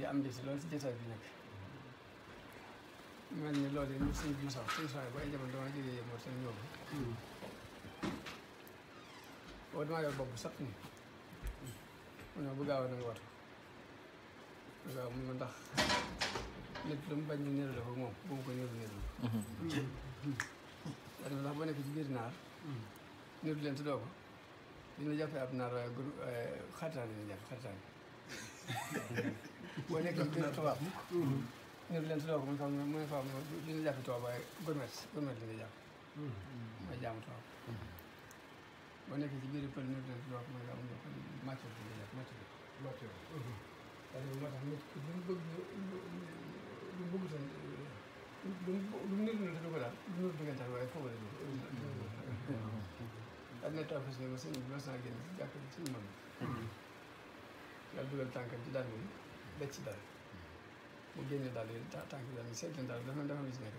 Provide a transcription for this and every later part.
yi am na ci loolu si jotaay bi nekk mel ni loolu yi ñu siy bi sax suñu soxla ba ay jamono dama jógee moo seen ñoom boo damaa yor bopp sax ni mu ne bu gaaw na nga watu bu gaaw mu ndax nit lu mu bañ ñu niru la ko moom bu mu ko niru niru la ndax boo nekk ci biir naar niru leen tuddoo ko dañu jàppee ab naar waaye xaritaan la ñuy boo nekkee ci benn tubaab nekk leen tubaab mu xam ne mu ne tubaab li nga jàpp tubaab waaye gomet gomet li nga jàpp mooy jaamu tubaab boo nekkee ci biir pël nekk leen tubaab mooy xam ne kon matière li nga jàpp matière matière c'est-à-dire moo tax nit lu mu bëgg lu mu bëgg seen lu mu nit nul te du ko daal lu nul diggante waaye foofu la am na taw fas ne ma sëñ bi ma saa génn si jàkk ci suñu mën yàlla dugal tànkam ci daan bi becc dara mu génne daal di tànk daal di seetlu daal dafa dafa lu ci nekk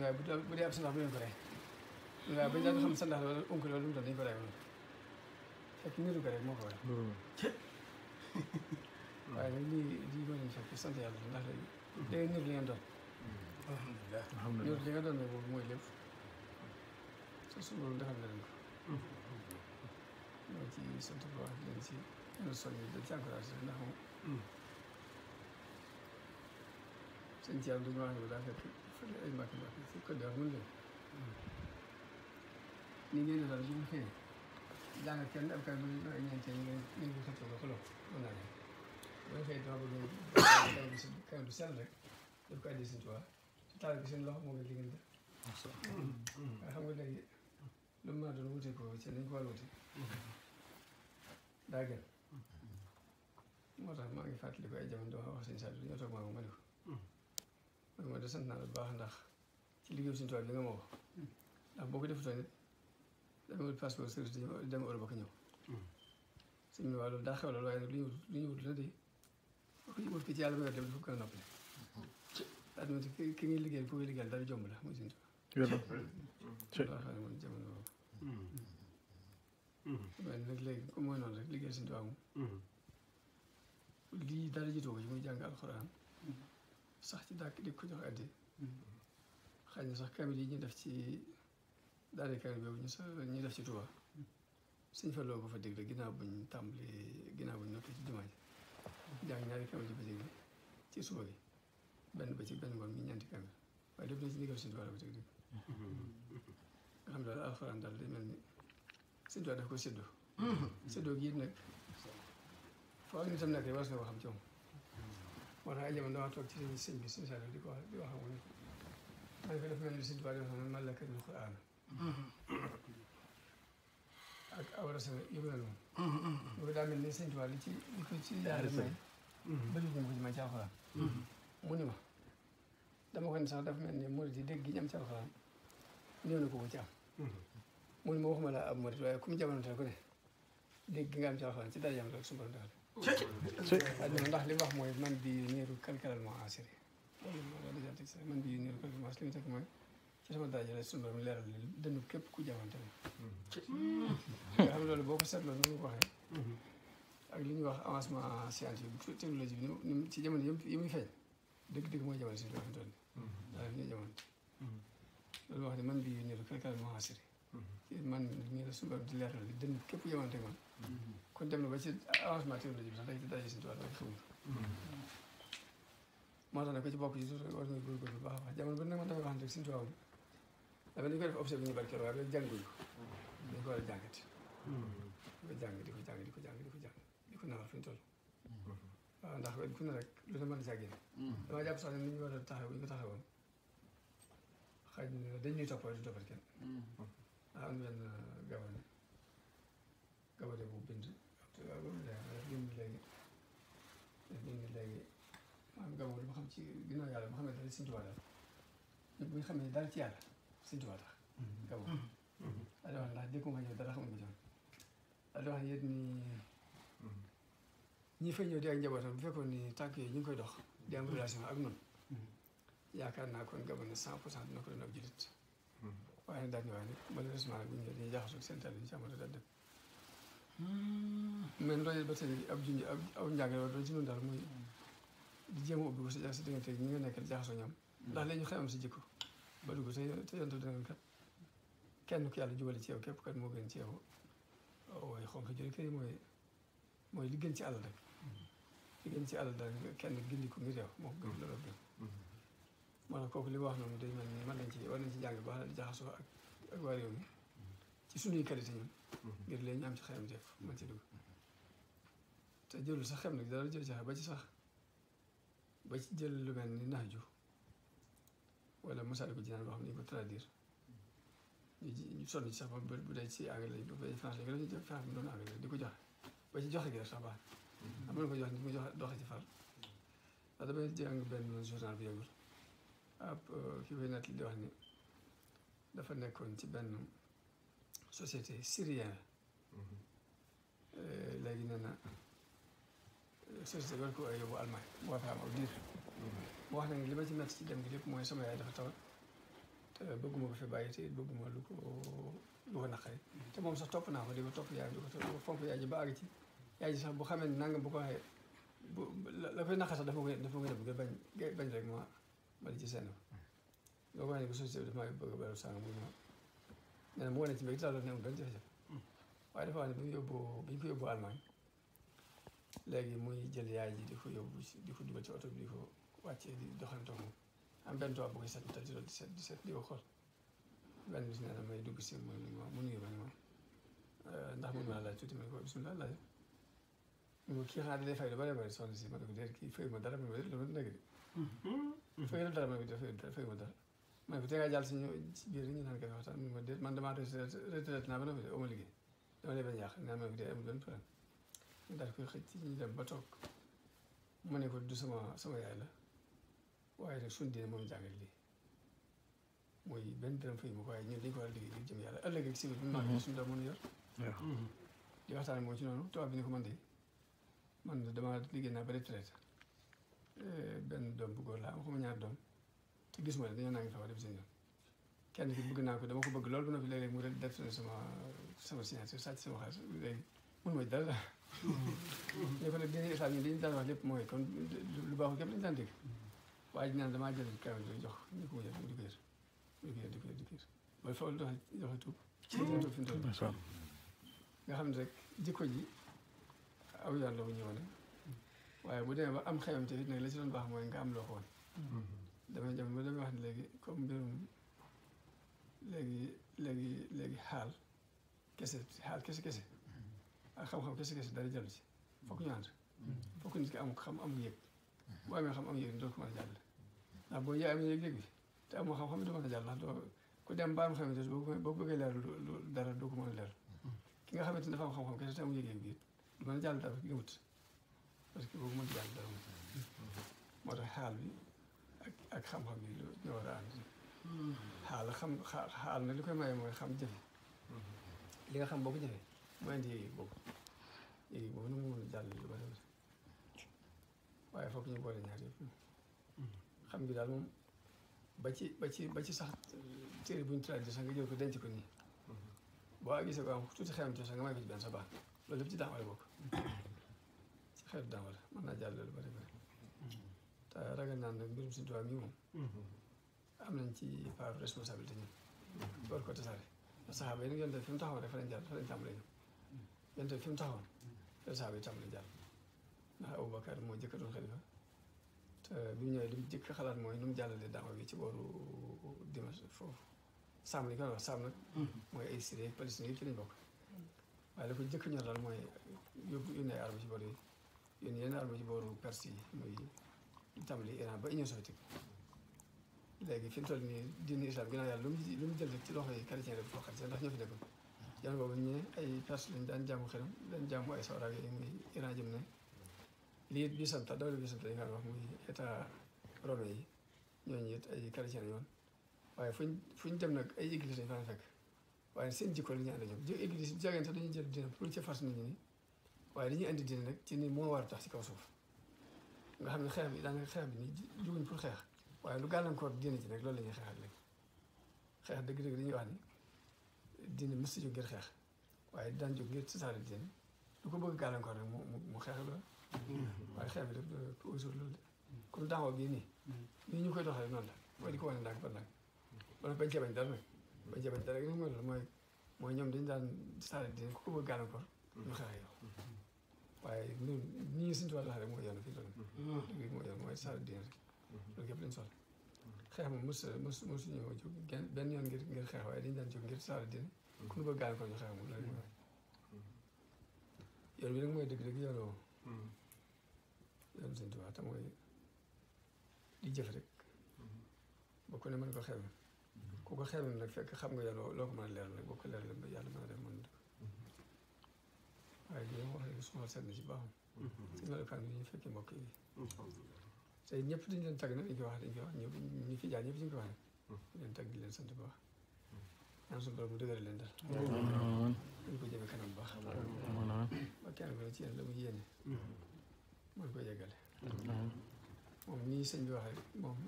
waaye bu dee bu dee ab sandax bu leen ko rey waaye bañ daal xam sandax wala unk loolu lu mu doon dañu ko rey woon fekk niru ko rek moo ko waral. Mm. waaye nag lii lii moo leen fekk sant yàlla ndax léegi. day mm-hmm. niru li ngeen doon. Mm. alhamdulilah alhamdulilah niru li nga doon ne boobu mooy lépp. te suñu borom defal na leen ko. moo mm-hmm. ci sant bu baax di leen si ñu soññi di ci encouragé ndax moom. Mm. sëñ Thiam du maa ngi daa fekk fële ay màkk màkk si ko def mun leen ni ngeen defal bu ñu xëyee jàng kenn am kay bu ñu ay ñeentee ñu ngi ñu xëccoo ko lool mën naa leen bu ñu xëyee dama bëgg bu si kaw bu sell rek daf ko andi sëñ Tuubaa taal bi seen loxo moo ngi li ngeen def waaye xam nga léegi lu mu mën a doon wute ko ci nañ ko war a wute daa gën moo tax maa ngi fàttali ko ay jamono dama wax sëñ Saliou ñoo toog maa ko ma oh, ne ko man ma de naa la bu baax ndax ci liggéeyu suñu tubaab bi nga ma ndax boo ko defutoon nit dama wut passeport service dem Europe ak ñëw suñu waa loolu daa xew la lu ñu wut lu ñu wut la de wut ko ci yàlla ko ki ngay liggéeyal ku koy liggéeyal dara jomb la muy suñu tubaab loo xam ne moom jamono boobu waaye ko ci muy jàng alxuraan sax ci dàkk di ko jox addi xëy na sax kamil yi ñu def ci daare kamil boobu ñu sax ñu def ci Tuuba suñ fa loo ko fa digle ginnaaw buñ tàmbali ginnaaw buñ noppi ci jumaa ji ñaari kamil yi ba dégg ci suba gi benn ba ci benn ngoon mi ñeenti kamil waaye lépp na ci ndigal suñu Tuuba la ko teg dégg nga xam daal alxuraan daal day mel ni ko séddoo séddoo gi it nag foo ak nitam nekk war nga ko xam ci moo tax ay jamono dama toog ci sëñ bi sëñ Saliou di ko wax di wax ak ma ne ko dafa mel ni sëñ Tuubaa dafa mel ni malaka ñu ko aana ak awrasa yu mel noonu loolu daa mel ni sëñ li ci li ko ci daara may ma dama ko ne sax dafa mel ni murit yi gi ñu ci alxuraan néew na ko ko ci am mu ni ma waxuma laa ab murit waaye ku mu jamono te gi nga am ci alxuraan ci daara jam rek su ndax li wax mooy man bi niiru kalkalal moo assuré loolu moo la dèjà teg man bi niiru kalkalal moo assuré li mu teg képp ku jamante nga boo ko seetloo ni mu ak li ñuy wax avancement scientifique technologie ci jamono yi muy feeñ si li mu toll daal ne man bi niiru kalkalal moo assuré man nii la suñu borom di leeral li dënnu képp jamante man kon dem na ba ci avancement technologie bi sax day daje suñu tubaab fu moo tax nag ko ci bokk ci suuf war na góorgóorlu bu baax a baax jamono bu nag man damay waxante suñu tubaab dafa dañu ko def observé ñu barkeel waaye loolu jànguñu ko dañ ko war a jàngati di ko jàng di ko jàng di ko jàng di ko jàng di ko nawal fi ñu toll waaw ndax ku ne rek lu ne mën a jàggee dama jàpp sax ne ni ñu war a taxaw ñu ko taxawoon xaj na dañ ñuy toppal du toppal kenn am benn gabane gabane bu bind Tiwaawan la ndax démb léegi ndax démb léegi maanaam gàmmu dama xam ci ginnaaw yàlla ma xam ne dara Sëñ Tuubaa la bu ñu ne dara ci yàlla Sëñ Tuubaa tax mm-hmm. gàmmu mm-hmm. ada wax ndax dégguma mm-hmm. ñëw dara xamuma joon ada wax yéen ni di ak tànk ñu ngi koy dox di ak noonu yaakaar naa kon gàmmu na cent pour cent dina ko doon ab jullit waaye nag ñu ñëwee dañuy jaxasoo seen tal yi ñu daan dem mais loolee ba tey ab junj ab aw njàng la doon ci noonu daal mooy di jéem ubbi ko si sa diggante ñi nga nekkal jaxasoo ñam ndax léegi ñu xëy am si jikko. ba dugg te te yéen a kenn ku yàlla jubale ci yow képp kat moo gën ci yow waaye xonk jëli kër mooy mooy li gën ci àll rek. Mm-hmm. li gën àll daal kenn gindi ko ngir yow moo mm-hmm. kooku li wax noonu de man ni mën nañ ci war nañ ci jàng baax na di jaxasoo ak ak waa réew mi mm-hmm. ci sunuy qualité ñun. ngir léegi ñu am ci xayam jëf mën ci dugg. تعجبه صخر نقدر نرجع بجي صخر بجل لمن نهجو ولا مسألة بجنان بهم نيكو ترادير يصير نشاف بدأ شيء أغلى يبغى بدأ فاهم لكن لو فاهم دون أغلى ديكو جاه بجي جاه كده شابه أما لو جاه نيكو جاه دوخة تفر هذا بين جانغ بين منزور عربي يقول أب كيف آه، هنات اللي هني دفعنا كنت بين سوسيتي سوريا آه، لكن أنا Cheikh Jabiir ko yóbbu Allemagne mu war fa am aw diir mu wax nag li ma ci metti ci dem gi lépp mooy sama yaay dafa tawat te bëgguma ko fi bàyyi te bëgguma lu ko lu ko naqari te moom sax topp naa ko di ma topp yaay di ko topp fonk yaay ji ba àgg ci yaay ji sax bu xamee nangam bu ko waxee bu la koy naqar sax dafa koy dafa koy bëgg bañ bañ rek ma ma di ci seen loo ko waxee ne ko société bi dafa maa bëgg a bëri sànq mu ñëw nee na mu wane ci mbéy ci laa doon ne amul benn jafe-jafe waaye dafa wax ne bi ñu yóbbu bi ñu ko yóbbu Allemagne léegi muy jël yaay ji di ko yóbbu di ko dugal ci oto bi di ko wàccee di doxantoo moom am benn toog bu koy seetlu te di doon di seet di seet di ko xool benn bis nee mu nuyu ma mu nuyu ma ni euh, naa laaj tuuti ma ko bisimilah laaj mu kii xanaa dina fay si ma ne ko déet kii mm-hmm. ma dara ma ne ko nekk di fayu dara ma ne ko fayu ma dara ma mu ne ma déet man damaa naa ba noppi de amul liggéey dama lay bañ yàq naa ma ne ko déet amul benn problème daal koy xëcc ñu ne ko du sama sama yaay la waaye nag suñ moom jàngal lii mooy ko a liggéey jëm yàlla ëllëg ak si mhm. mhm. di waxtaan ci noonu tubaab bi ni ko man de man dama liggéey naa ba eh, benn doom bu góor ne dañoo naa ngi taxaw def يكون الجديد يساعدني دين تاني واجب موي كون لباخو كم دين تاني واجب نعم دماغ جد كلام ده يجوا يكون يجوا دكير دكير دكير دكير والفعل ده ده توب توب فين توب ما شاء الله يا حمزة دي كوي أو يلا وني ولا waaye bu demee ba am xewam te it nag la ci doon baax mooy nga am loo ko woon damay jam ba damay wax ne léegi comme mbirum léegi léegi léegi xaal kese xaal kese kese xam-xam kese kese dara jàll ci fokk ñu ànd fokk nit am xam amu yëg boo xam amu yëg doo ko mën a boo yaa amee yëg-yëg xam-xam doo a jàll ndax doo ku dem ba am ki nga xamante ne dafa am xam-xam kese te amu bi du mën a jàll dara ki wut parce que boobu mën a jàll dara moo tax xaal bi ak xam-xam bi ñoo war a ànd na li koy maye mooy xam jëfe li nga xam boo ko jëfee mooy jéeg boobu jéeg boobu nu mu mën a jàll lu bari waaye foog ñu boole ñaar yëpp ngi daal moom ba ci ba ci ba ci sax téere bu ñu traduire sax nga jël ko denc ko nii boo gisee ko am tuuti xelam ci sax nga ci benn sa baax loolu lépp ci daawale bokk ci xeetu daawale mën naa jàll lu bari te ragal naan nag mbirum si tubaab mi am nañ ci part responsabilité ñun war ko tasaare saxaaba yi nag yoon te fi mu taxaw rek fa lañ jàll fa lañ tàmbalee ñoom yonent bi fi mu taxawoon te saa bi tàmbali jàll ndax Aboubacar moo jëkk doon xalifa te bi mu ñëwee li mu jëkk xalaat mooy nu mu jàllale daaw bi ci booru Dimash foofu Saam li ko wax Saam nag mooy ay Syrie Palestine yëpp ci lañ bokk waaye la mooy yóbbu yónni ay arme ci booru yi yónni yenn arme ci booru Perse yi muy tàmbali Iran ba Union soviétique léegi fi mu toll nii diine islam ginnaaw yàlla lu mu lu mu jël rek ci loxo yi chrétien yi ndax ñoo fi nekkoon jal boobu ñi ay perse daan jaamu xelam daan jaamu ay sawraag yi muy Iran jëm ne lii Byzantin dawla Byzantin yi nga wax muy yi ñooñu it ay chrétien yoon waaye fuñ fuñ dem nag ay église lañ fa waaye seen jikko la ñu ànd ñoom jël église bu dañuy jël dina pour ci fas nit ñi waaye ñu indi dina rek ci nii moo war a tax ci kaw suuf nga xam ne xeex bi daanaka xeex bi nii juguñ pour xeex waaye lu gàllankoor diine ci nag loolu lañuy ñuy xeexal léegi xeex dëgg-dëgg dañuy wax ni diine mës a ngir xeex waaye daan jóg ngir tasaare diine lu ko bëgg gàllankoor mu mu xeex loolu waaye xeex bi def toujours loolu de comme nii nii ñu koy doxalee noonu la mooy ko wane ndànk ba ndànk wala bañ cee bañ dara nag bañ cee bañ ñoom dañ daan tasaare diine ko bëgg gàllankoor ñu xeex yow waaye ñun ni ñu suñu tubaab doxalee rek mooy yoon fii loolu mm-hmm. mooy yoon mooy tasaare diine rek loolu yëpp lañ soxla xeex ma mos mos mosu ñëw jóg benn benn yoon ngir ngir xeex waaye dañu daan jóg ngir saara din mm-hmm. ku nu bëgg gaal ko ñu xeex moom loolu mm-hmm. yoon bi nag mooy dëgg dëgg yoonu mm-hmm. yoonu Sëñ Tuubaa tam mooy di jëf rek boo ko ko xew ku ko fekk xam nga yoon loo ko mën a leer nag boo ko leer la yàlla mën a def mën waaye li wax rek su ma seet na ci si melokaan yi ñu fekkee mbokk yi tey ñëpp dañ leen tagg nag dañ koy wax dañ koy wax ñëpp ñi fi jaar ñëpp ñu ngi koy wax nag di leen tagg di leen sant bu baax ñaan suñu borom mu dëgëral leen dal dañ ko jëme kanam bu baax ba kenn ku ne ci yéen la mu yéene mën ko yeggale moom nii sëñ bi waxee moom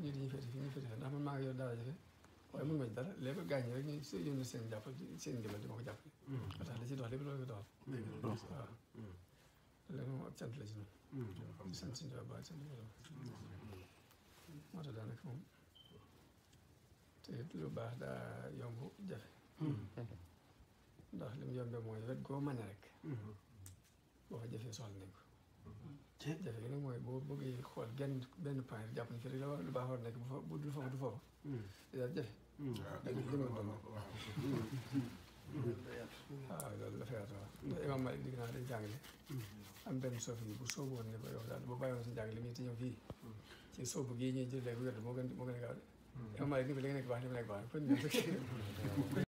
ñi dañuy féete fii ñu féete fii ndax man maa ngi yor dara jafe waaye mën ma ci dara léegi gaañ ñi rek ñu yónni seen jàpp seen ndimbal di ma ko jàppale ba tax la ci dox lépp loolu ko doxal waaw léegi moom ab cant la ci noonu. di sant suñu tubaab baax sant suñu moo tax daanaka moom te it lu baax daa yomb jafe. ndax li mu yombee mooy wet goo rek. boo fa jafee soxla nañ ko. jafe gi nag mooy boo bëggee xool genn benn point jàpp ni fi rek la lu baax war nekk bu fa du foofu du foofu. di daal waaw loolu dafa yaatu waaw. Imam Malik dégg naa day jàngale. am benn soofi bu soobu woon ne ko yow daal boo bàyyiwoon sa fii. ci soobu gii ñuy jëlee bu wér moo gën moo gën a gaaw de. Imam Malik ni ko li nga nekk baax li ma nekk baax